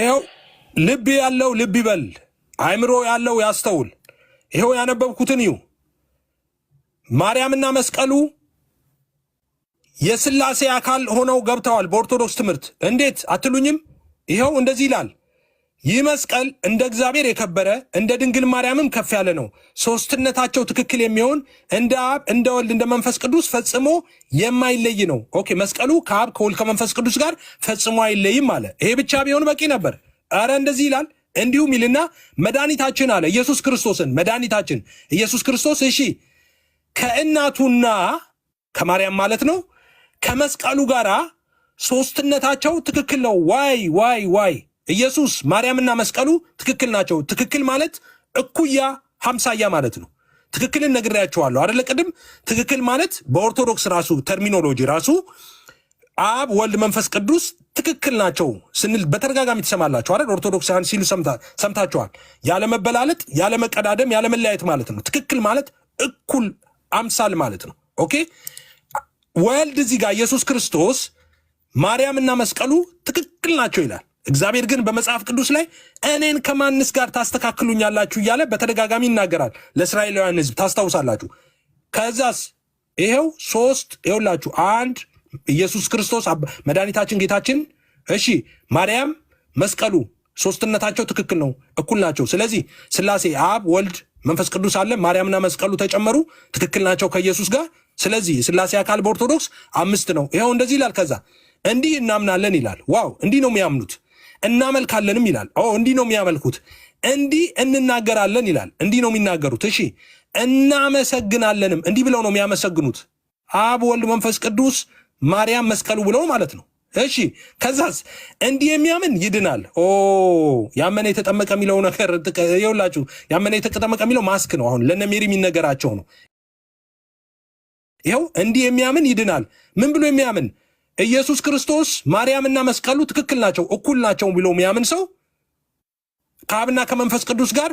ይኸው ልብ ያለው ልብ ይበል፣ አእምሮ ያለው ያስተውል። ይኸው ያነበብኩትን ይሁ ማርያምና መስቀሉ የስላሴ አካል ሆነው ገብተዋል በኦርቶዶክስ ትምህርት። እንዴት አትሉኝም? ይኸው እንደዚህ ይላል። ይህ መስቀል እንደ እግዚአብሔር የከበረ እንደ ድንግል ማርያምም ከፍ ያለ ነው። ሶስትነታቸው ትክክል የሚሆን እንደ አብ፣ እንደ ወልድ፣ እንደ መንፈስ ቅዱስ ፈጽሞ የማይለይ ነው። ኦኬ መስቀሉ ከአብ ከወልድ ከመንፈስ ቅዱስ ጋር ፈጽሞ አይለይም አለ። ይሄ ብቻ ቢሆን በቂ ነበር። አረ እንደዚህ ይላል እንዲሁም ይልና መድኃኒታችን አለ ኢየሱስ ክርስቶስን መድኃኒታችን ኢየሱስ ክርስቶስ እሺ ከእናቱና ከማርያም ማለት ነው ከመስቀሉ ጋራ ሶስትነታቸው ትክክል ነው። ዋይ ዋይ ዋይ ኢየሱስ ማርያምና መስቀሉ ትክክል ናቸው። ትክክል ማለት እኩያ ሀምሳያ ማለት ነው። ትክክልን ነግሬያቸዋለሁ አደለ? ቅድም ትክክል ማለት በኦርቶዶክስ ራሱ ተርሚኖሎጂ ራሱ አብ ወልድ መንፈስ ቅዱስ ትክክል ናቸው ስንል በተደጋጋሚ ትሰማላችሁ አይደል? ኦርቶዶክሳውያን ሲሉ ሰምታችኋል። ያለመበላለጥ፣ ያለመቀዳደም፣ ያለመለያየት ማለት ነው። ትክክል ማለት እኩል አምሳል ማለት ነው። ኦኬ ወልድ እዚህ ጋር ኢየሱስ ክርስቶስ ማርያምና መስቀሉ ትክክል ናቸው ይላል። እግዚአብሔር ግን በመጽሐፍ ቅዱስ ላይ እኔን ከማንስ ጋር ታስተካክሉኛላችሁ እያለ በተደጋጋሚ ይናገራል ለእስራኤላውያን ህዝብ ታስታውሳላችሁ። ከዛስ ይኸው ሶስት ይኸውላችሁ፣ አንድ ኢየሱስ ክርስቶስ መድኃኒታችን ጌታችን፣ እሺ ማርያም፣ መስቀሉ ሶስትነታቸው ትክክል ነው፣ እኩል ናቸው። ስለዚህ ስላሴ አብ፣ ወልድ፣ መንፈስ ቅዱስ አለ። ማርያምና መስቀሉ ተጨመሩ፣ ትክክል ናቸው ከኢየሱስ ጋር። ስለዚህ ስላሴ አካል በኦርቶዶክስ አምስት ነው። ይኸው እንደዚህ ይላል። ከዛ እንዲህ እናምናለን ይላል። ዋው እንዲህ ነው የሚያምኑት እናመልካለንም ይላል። ኦ እንዲህ ነው የሚያመልኩት። እንዲህ እንናገራለን ይላል። እንዲህ ነው የሚናገሩት። እሺ እናመሰግናለንም እንዲህ ብለው ነው የሚያመሰግኑት። አብ፣ ወልድ፣ መንፈስ ቅዱስ፣ ማርያም፣ መስቀሉ ብለው ማለት ነው። እሺ ከዛስ እንዲህ የሚያምን ይድናል። ኦ ያመነ የተጠመቀ የሚለው ነገር የውላችሁ ያመነ የተጠመቀ የሚለው ማስክ ነው። አሁን ለነ ሜሪ የሚነገራቸው ነው። ይኸው እንዲህ የሚያምን ይድናል። ምን ብሎ የሚያምን ኢየሱስ ክርስቶስ ማርያምና መስቀሉ ትክክል ናቸው፣ እኩል ናቸው ብሎ የሚያምን ሰው ከአብና ከመንፈስ ቅዱስ ጋር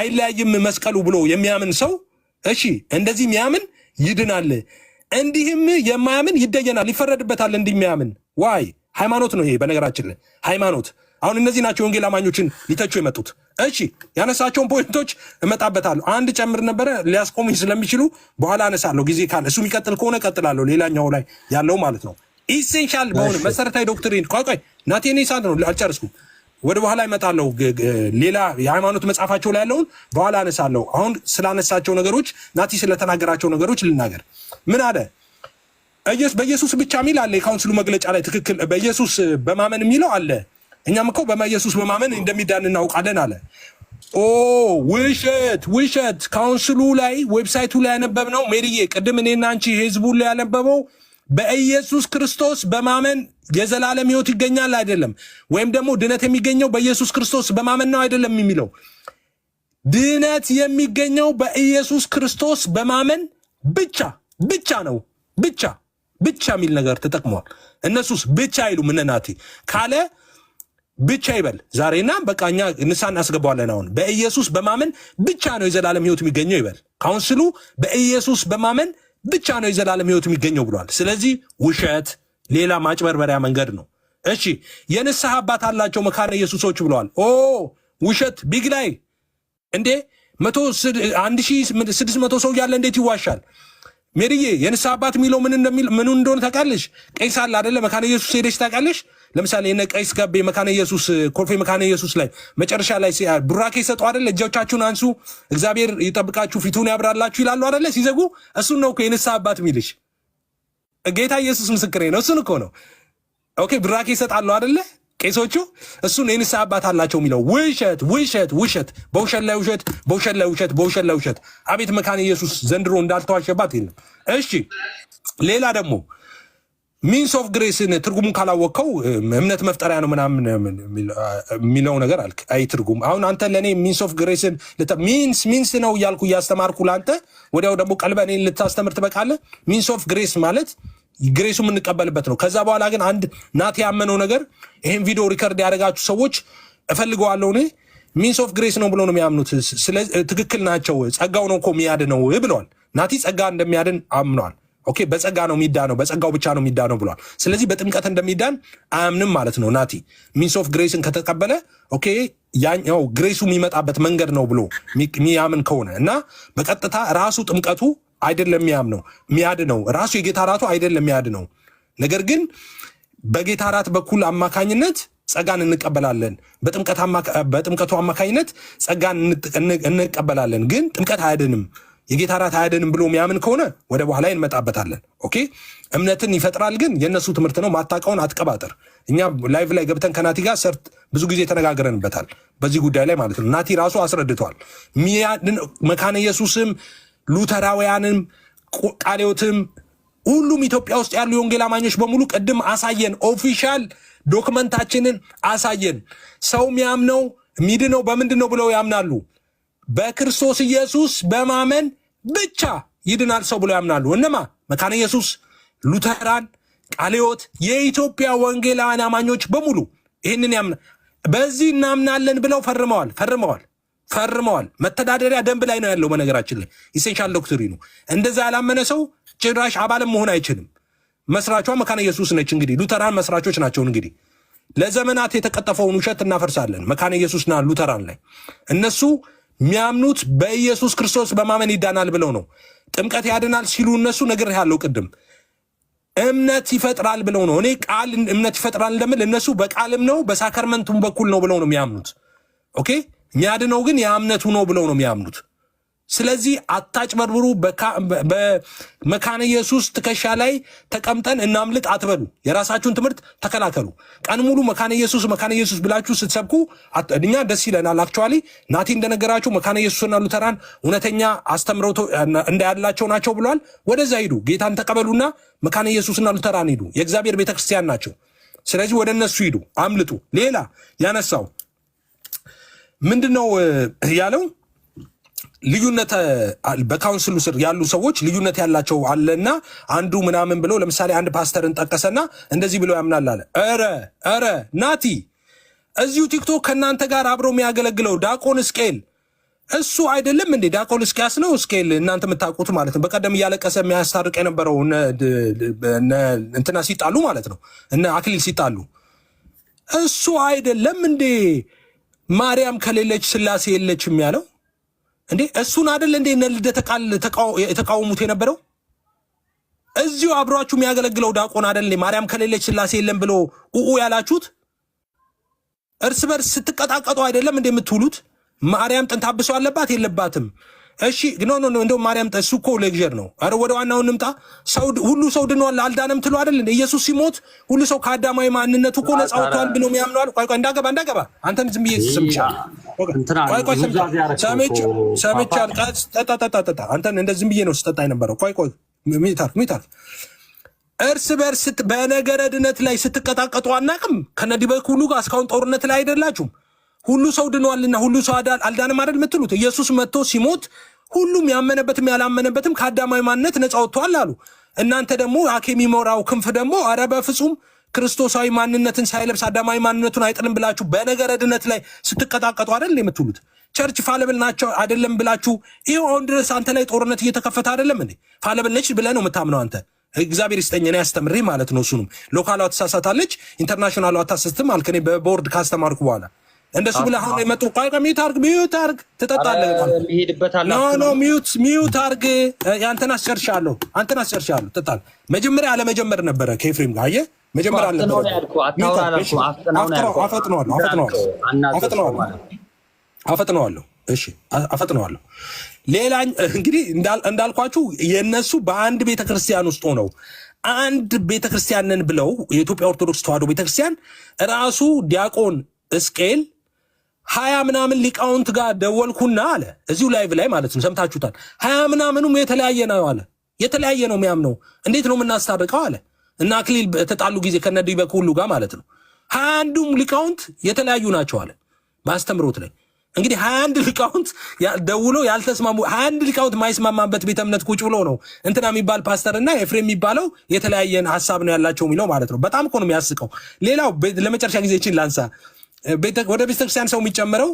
አይለያይም መስቀሉ ብሎ የሚያምን ሰው እሺ፣ እንደዚህ የሚያምን ይድናል። እንዲህም የማያምን ይደየናል፣ ይፈረድበታል። እንዲህ የሚያምን ዋይ ሃይማኖት ነው ይሄ። በነገራችን ላይ ሃይማኖት አሁን እነዚህ ናቸው ወንጌል አማኞችን ሊተቹ የመጡት። እሺ ያነሳቸውን ፖይንቶች እመጣበታለሁ። አንድ ጨምር ነበረ ሊያስቆሙኝ ስለሚችሉ በኋላ አነሳለሁ ጊዜ ካለ እሱ የሚቀጥል ከሆነ እቀጥላለሁ። ሌላኛው ላይ ያለው ማለት ነው ኢሴንሻል በሆነ መሰረታዊ ዶክትሪን ቆይ ቆይ ናቴኔ ሳት ነው አልጨርስኩም። ወደ በኋላ ይመጣለሁ። ሌላ የሃይማኖት መጽሐፋቸው ላይ ያለውን በኋላ አነሳለሁ። አሁን ስላነሳቸው ነገሮች ናቲ ስለተናገራቸው ነገሮች ልናገር። ምን አለ በኢየሱስ ብቻ የሚል አለ። የካውንስሉ መግለጫ ላይ ትክክል በኢየሱስ በማመን የሚለው አለ እኛም እኮ በኢየሱስ በማመን እንደሚዳን እናውቃለን አለ። ኦ ውሸት ውሸት! ካውንስሉ ላይ ዌብሳይቱ ላይ ያነበብነው ሜሪዬ፣ ቅድም እኔና አንቺ ህዝቡ ላይ ያነበበው በኢየሱስ ክርስቶስ በማመን የዘላለም ህይወት ይገኛል አይደለም፣ ወይም ደግሞ ድነት የሚገኘው በኢየሱስ ክርስቶስ በማመን ነው አይደለም የሚለው ድነት የሚገኘው በኢየሱስ ክርስቶስ በማመን ብቻ ብቻ ነው ብቻ ብቻ የሚል ነገር ተጠቅመዋል። እነሱስ ብቻ አይሉ እነ ካለ ብቻ ይበል ዛሬና በቃ እኛ ንሳ እናስገባዋለን። አሁን በኢየሱስ በማመን ብቻ ነው የዘላለም ህይወት የሚገኘው ይበል። ካውንስሉ በኢየሱስ በማመን ብቻ ነው የዘላለም ህይወት የሚገኘው ብሏል። ስለዚህ ውሸት፣ ሌላ ማጭበርበሪያ መንገድ ነው። እሺ የንስሐ አባት አላቸው መካነ ኢየሱሶች ብለዋል። ኦ ውሸት ቢግ ላይ እንዴ አንድ ሺህ ስድስት መቶ ሰው እያለ እንዴት ይዋሻል? ሜሪዬ የንስሐ አባት የሚለው ምን እንደሆነ ታውቃለሽ? ቀይሳል አደለ መካነ ኢየሱስ ሄደች ታውቃለሽ? ለምሳሌ የነ ቀይስ ጋቤ መካነ ኢየሱስ ኮልፌ መካነ ኢየሱስ ላይ መጨረሻ ላይ ቡራኬ ሰጡ አደለ? እጆቻችሁን አንሱ እግዚአብሔር ይጠብቃችሁ ፊቱን ያብራላችሁ ይላሉ አደለ? ሲዘጉ እሱን ነው እኮ የንስሐ አባት ሚልሽ ጌታ ኢየሱስ ምስክሬ ነው። እሱን እኮ ነው። ኦኬ ቡራኬ ይሰጣሉ አደለ? ቄሶቹ እሱን የንስሐ አባት አላቸው የሚለው ውሸት ውሸት ውሸት፣ በውሸት ላይ ውሸት፣ በውሸት ላይ ውሸት፣ በውሸት ላይ ውሸት። አቤት መካነ ኢየሱስ ዘንድሮ እንዳልተዋሸባት የለም። እሺ ሌላ ደግሞ ሚንስ ኦፍ ግሬስን ትርጉሙን ካላወቅከው እምነት መፍጠሪያ ነው ምናምን የሚለው ነገር አልክ። አይ ትርጉም አሁን አንተ ለእኔ ሚንስ ኦፍ ግሬስን ሚንስ ሚንስ ነው እያልኩ እያስተማርኩ ለአንተ ወዲያው ደግሞ ቀልበ እኔን ልታስተምር ትበቃለህ። ሚንስ ኦፍ ግሬስ ማለት ግሬሱ የምንቀበልበት ነው። ከዛ በኋላ ግን አንድ ናት ያመነው ነገር ይህን ቪዲዮ ሪከርድ ያደረጋችሁ ሰዎች እፈልገዋለሁ እኔ ሚንስ ኦፍ ግሬስ ነው ብሎ ነው የሚያምኑት። ትክክል ናቸው። ጸጋው ነው እኮ የሚያድነው ብለዋል። ናቲ ጸጋ እንደሚያድን አምኗል። ኦኬ በጸጋ ነው ነው በጸጋው ብቻ ነው የሚዳነው ብሏል። ስለዚህ በጥምቀት እንደሚዳን አያምንም ማለት ነው። ናቲ ሚንስ ኦፍ ግሬስን ከተቀበለ ኦኬ ያኛው ግሬሱ የሚመጣበት መንገድ ነው ብሎ የሚያምን ከሆነ እና በቀጥታ ራሱ ጥምቀቱ አይደለም የሚያምነው ነው ራሱ የጌታ ራቱ አይደለም ነው። ነገር ግን በጌታ ራት በኩል አማካኝነት ጸጋን እንቀበላለን። በጥምቀቱ አማካኝነት ጸጋን እንቀበላለን። ግን ጥምቀት አያድንም። የጌታ ራት አያድንም ብሎ የሚያምን ከሆነ ወደ በኋላ እንመጣበታለን። ኦኬ እምነትን ይፈጥራል ግን የእነሱ ትምህርት ነው። ማታቀውን አትቀባጥር። እኛ ላይቭ ላይ ገብተን ከናቲ ጋር ሰርት ብዙ ጊዜ ተነጋግረንበታል በዚህ ጉዳይ ላይ ማለት ነው። ናቲ ራሱ አስረድተዋል። መካነ ኢየሱስም ሉተራውያንም ቃሌዎትም ሁሉም ኢትዮጵያ ውስጥ ያሉ የወንጌል አማኞች በሙሉ ቅድም አሳየን፣ ኦፊሻል ዶክመንታችንን አሳየን። ሰው ሚያምነው ሚድነው በምንድን ነው ብለው ያምናሉ በክርስቶስ ኢየሱስ በማመን ብቻ ይድናል ሰው ብሎ ያምናሉ። እነማ መካነ ኢየሱስ፣ ሉተራን፣ ቃለ የኢትዮጵያ ወንጌላውያን አማኞች በሙሉ ይህንን ያምና በዚህ እናምናለን ብለው ፈርመዋል ፈርመዋል ፈርመዋል። መተዳደሪያ ደንብ ላይ ነው ያለው። በነገራችን ላይ ኢሴንሻል ነው። እንደዛ ያላመነ ሰው ጭራሽ አባልም መሆን አይችልም። መስራቿ መካነ ኢየሱስ ነች። እንግዲህ ሉተራን መስራቾች ናቸው። እንግዲህ ለዘመናት የተቀጠፈውን ውሸት እናፈርሳለን መካነ ኢየሱስና ሉተራን ላይ እነሱ የሚያምኑት በኢየሱስ ክርስቶስ በማመን ይዳናል ብለው ነው። ጥምቀት ያድናል ሲሉ እነሱ ነገር ያለው ቅድም እምነት ይፈጥራል ብለው ነው። እኔ ቃል እምነት ይፈጥራል እንደምል እነሱ በቃልም ነው በሳከርመንቱም በኩል ነው ብለው ነው የሚያምኑት። ኦኬ የሚያድነው ግን የእምነቱ ነው ብለው ነው የሚያምኑት። ስለዚህ አታጭበርብሩ። በመካነ ኢየሱስ ትከሻ ላይ ተቀምጠን እናምልጥ አትበሉ። የራሳችሁን ትምህርት ተከላከሉ። ቀን ሙሉ መካነ ኢየሱስ መካነ ኢየሱስ ብላችሁ ስትሰብኩ እኛ ደስ ይለናል። አክቹዋሊ ናቲ እንደነገራችሁ መካነ ኢየሱስና ሉተራን እውነተኛ አስተምረው እንዳያላቸው ናቸው ብሏል። ወደዛ ሂዱ፣ ጌታን ተቀበሉና መካነ ኢየሱስና ሉተራን ሂዱ። የእግዚአብሔር ቤተክርስቲያን ናቸው። ስለዚህ ወደ እነሱ ሂዱ፣ አምልጡ። ሌላ ያነሳው ምንድን ነው ያለው? ልዩነት በካውንስሉ ስር ያሉ ሰዎች ልዩነት ያላቸው አለና አንዱ ምናምን ብሎ ለምሳሌ አንድ ፓስተርን ጠቀሰና እንደዚህ ብሎ ያምናል አለ። ኧረ ኧረ ናቲ እዚሁ ቲክቶክ ከእናንተ ጋር አብሮ የሚያገለግለው ዳቆን እስቄል እሱ አይደለም እንዴ? ዳቆን እስቅያስ ነው። እስኬል፣ እናንተ የምታውቁት ማለት ነው። በቀደም እያለቀሰ የሚያስታርቅ የነበረው እንትና ሲጣሉ ማለት ነው፣ እነ አክሊል ሲጣሉ እሱ አይደለም እንዴ? ማርያም ከሌለች ስላሴ የለችም ያለው እንዴ እሱን አደለ እንዴ እነ ቃል የተቃወሙት የነበረው እዚሁ አብሯችሁ የሚያገለግለው ዲያቆን አይደል ማርያም ከሌለች ስላሴ የለም ብሎ ኡኡ ያላችሁት እርስ በርስ ስትቀጣቀጡ አይደለም እንደምትውሉት ማርያም ጥንታብሶ አለባት የለባትም እሺ ኖ ኖ ኖ እንደው ማርያም ጠ እሱ እኮ ሌክዠር ነው። አረ ወደ ዋናው እንምጣ። ሰው ሁሉ ሰው ድኗል አልዳነም ትሉ አይደል? ኢየሱስ ሲሞት ሁሉ ሰው ከአዳማዊ ማንነቱ እኮ ነጻ ወጥቷል ብሎ የሚያምነዋል። ቆይ ቆይ እንዳገባ እንዳገባ አንተም ዝም ብዬ ስምቻለሁ። ቆይ ቆይ ሰምቻለሁ ሰምቻለሁ። ጠጣ ጠጣ ጠጣ። አንተን እንደ ዝም ብዬ ነው ስጠጣ የነበረው። ቆይ ቆይ ሚታር ሚታር እርስ በርስ በነገረ ድነት ላይ ስትቀጣቀጡ አናቅም። ሁሉ ጋር እስካሁን ጦርነት ላይ አይደላችሁም ሁሉ ሰው ድኗልና ሁሉ ሰው አልዳንም አይደል የምትሉት? ኢየሱስ መጥቶ ሲሞት ሁሉም ያመነበትም ያላመነበትም ከአዳማዊ ማንነት ነፃ ወጥቷል አሉ። እናንተ ደግሞ አኬ የሚመራው ክንፍ ደግሞ አረ በፍጹም ክርስቶሳዊ ማንነትን ሳይለብስ አዳማዊ ማንነቱን አይጥልም ብላችሁ በነገረ ድነት ላይ ስትቀጣቀጡ አይደል የምትሉት? ቸርች ፋለብል ናቸው አይደለም ብላችሁ ይህ አሁን ድረስ አንተ ላይ ጦርነት እየተከፈተ አይደለም እ ፋለብል ነች ብለህ ነው የምታምነው አንተ። እግዚአብሔር ይስጠኝ እኔ አስተምሬ ማለት ነው። እሱንም ሎካሏ ትሳሳታለች፣ ኢንተርናሽናሏ አታሰስትም አልክ እኔ በቦርድ ካስተማርኩ በኋላ እንደሱ ብለህ አሁን የመጡ ቆይ ቆይ ሚዩት አርግ ሚዩት አርግ ትጠጣለህ። ኖ ኖ ሚዩት ሚዩት አርግ ያንተን አስጨርሻለሁ አንተን አስጨርሻለሁ። ትጠጣለህ። መጀመሪያ አለመጀመር ነበረ ከኤፍሬም ጋር አየህ። መጀመሪያ አልነበረ አፈጥነዋለሁ። እሺ አፈጥነዋለሁ። ሌላ እንግዲህ እንዳልኳችሁ የእነሱ በአንድ ቤተክርስቲያን ውስጥ ሆነው አንድ ቤተክርስቲያንን ብለው የኢትዮጵያ ኦርቶዶክስ ተዋሕዶ ቤተክርስቲያን ራሱ ዲያቆን እስቅኤል ሀያ ምናምን ሊቃውንት ጋር ደወልኩና አለ እዚሁ ላይቭ ላይ ማለት ነው ሰምታችሁታል። ሀያ ምናምኑም የተለያየ ነው አለ የተለያየ ነው የሚያምነው እንዴት ነው የምናስታርቀው አለ እና አክሊል በተጣሉ ጊዜ ከነዱ ሁሉ ጋር ማለት ነው ሀያ አንዱም ሊቃውንት የተለያዩ ናቸው አለ በአስተምሮት ላይ እንግዲህ ሀያ አንድ ሊቃውንት ደውሎ ያልተስማሙ ሀያ አንድ ሊቃውንት የማይስማማበት ቤተ እምነት ቁጭ ብሎ ነው እንትና የሚባል ፓስተር እና ኤፍሬም የሚባለው የተለያየን ሀሳብ ነው ያላቸው የሚለው ማለት ነው። በጣም እኮ ነው የሚያስቀው። ሌላው ለመጨረሻ ጊዜ ችን ላንሳ ወደ ቤተክርስቲያን ሰው የሚጨምረው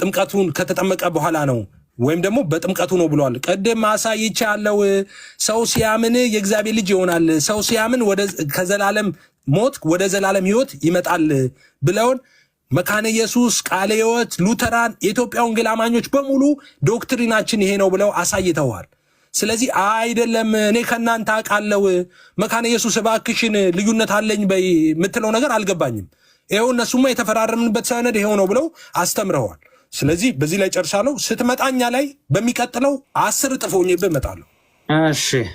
ጥምቀቱን ከተጠመቀ በኋላ ነው ወይም ደግሞ በጥምቀቱ ነው ብለዋል። ቅድም አሳይቻለሁ። ሰው ሲያምን የእግዚአብሔር ልጅ ይሆናል፣ ሰው ሲያምን ከዘላለም ሞት ወደ ዘላለም ሕይወት ይመጣል ብለውን መካነ ኢየሱስ፣ ቃለ ሕይወት፣ ሉተራን፣ የኢትዮጵያ ወንጌል አማኞች በሙሉ ዶክትሪናችን ይሄ ነው ብለው አሳይተዋል። ስለዚህ አይደለም እኔ ከእናንተ አውቃለሁ መካነ ኢየሱስ እባክሽን ልዩነት አለኝ በይ የምትለው ነገር አልገባኝም። ይኸው እነሱማ የተፈራረምንበት ሰነድ ይኸው ነው ብለው አስተምረዋል። ስለዚህ በዚህ ላይ ጨርሻለሁ። ስትመጣኛ ላይ በሚቀጥለው አስር እጥፍ ሆኜብህ እመጣለሁ። እሺ